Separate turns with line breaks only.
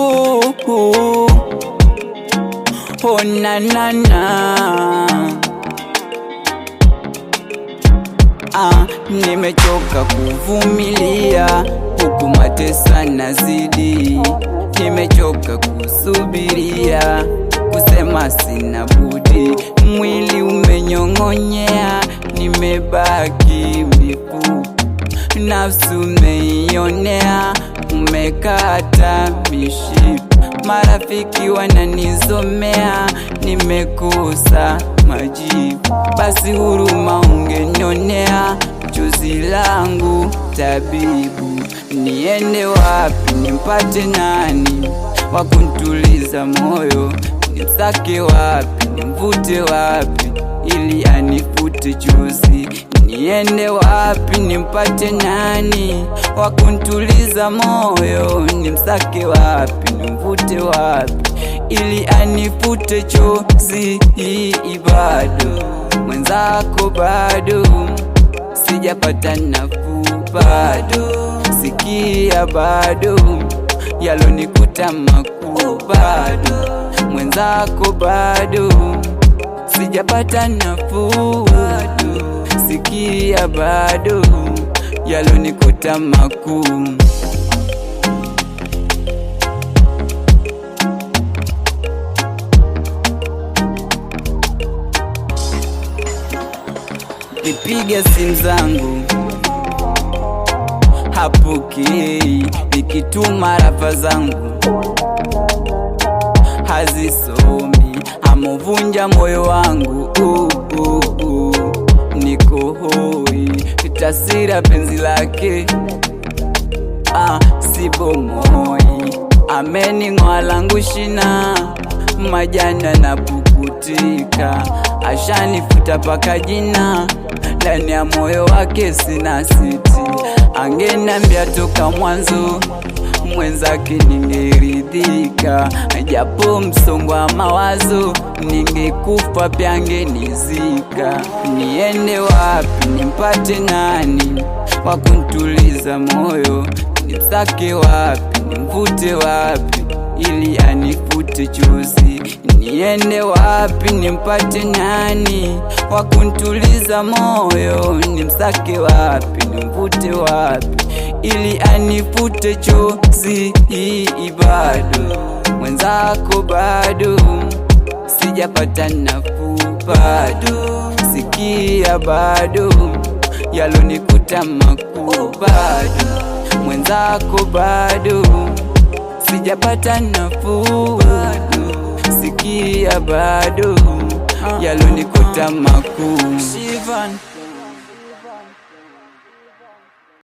oh, oh. na, na, na. Ah, nimechoka kuvumilia huku matesa na zidi, nimechoka kusubiria kusema sina budi, mwili umenyong'onyea, nimebaki miku nafsi umeionea umekata mishipa, marafiki wananizomea, nimekosa majibu. Basi huruma ungenionea, chozi langu tabibu. Niende wapi? Nimpate nani wakuntuliza moyo? nisake wapi? Nimvute wapi? ili anifute chuzi. Niende wapi nimpate nani wakuntuliza moyo? Nimsake wapi nimvute wapi ili anifute chozi? Bado mwenzako, bado sijapata nafuu, bado sikia, bado yalonikuta makuu, bado mwenzako, bado sijapata nafuu, sikia bado yalonikuta makuu Nipiga simu zangu hapokei, nikituma rafa zangu hazisomi amovunja moyo wangu uh, uh, uh. Niko hoi tasira penzi lake ah, sibomoi amening'oa langu shina majani anapukutika ashanifuta paka jina ndani ya moyo wake sina siti, angenambia toka mwanzo mwenzake ningeridhika, japo msongo wa mawazo ningekufa pyange nizika. Niende wapi? Nimpate nani wa moyo? Nimsake wapi? Nimvute wapi ili anifute chuzi? Niende wapi? Nimpate nani wa kunituliza moyo? Nimsake wapi? Nimvute wapi ili anipute chozi hii bado mwenzako bado sijapata nafuu bado sikia bado yalonikuta makuu bado mwenzako bado sijapata nafuu bado sikia bado yalonikuta makuu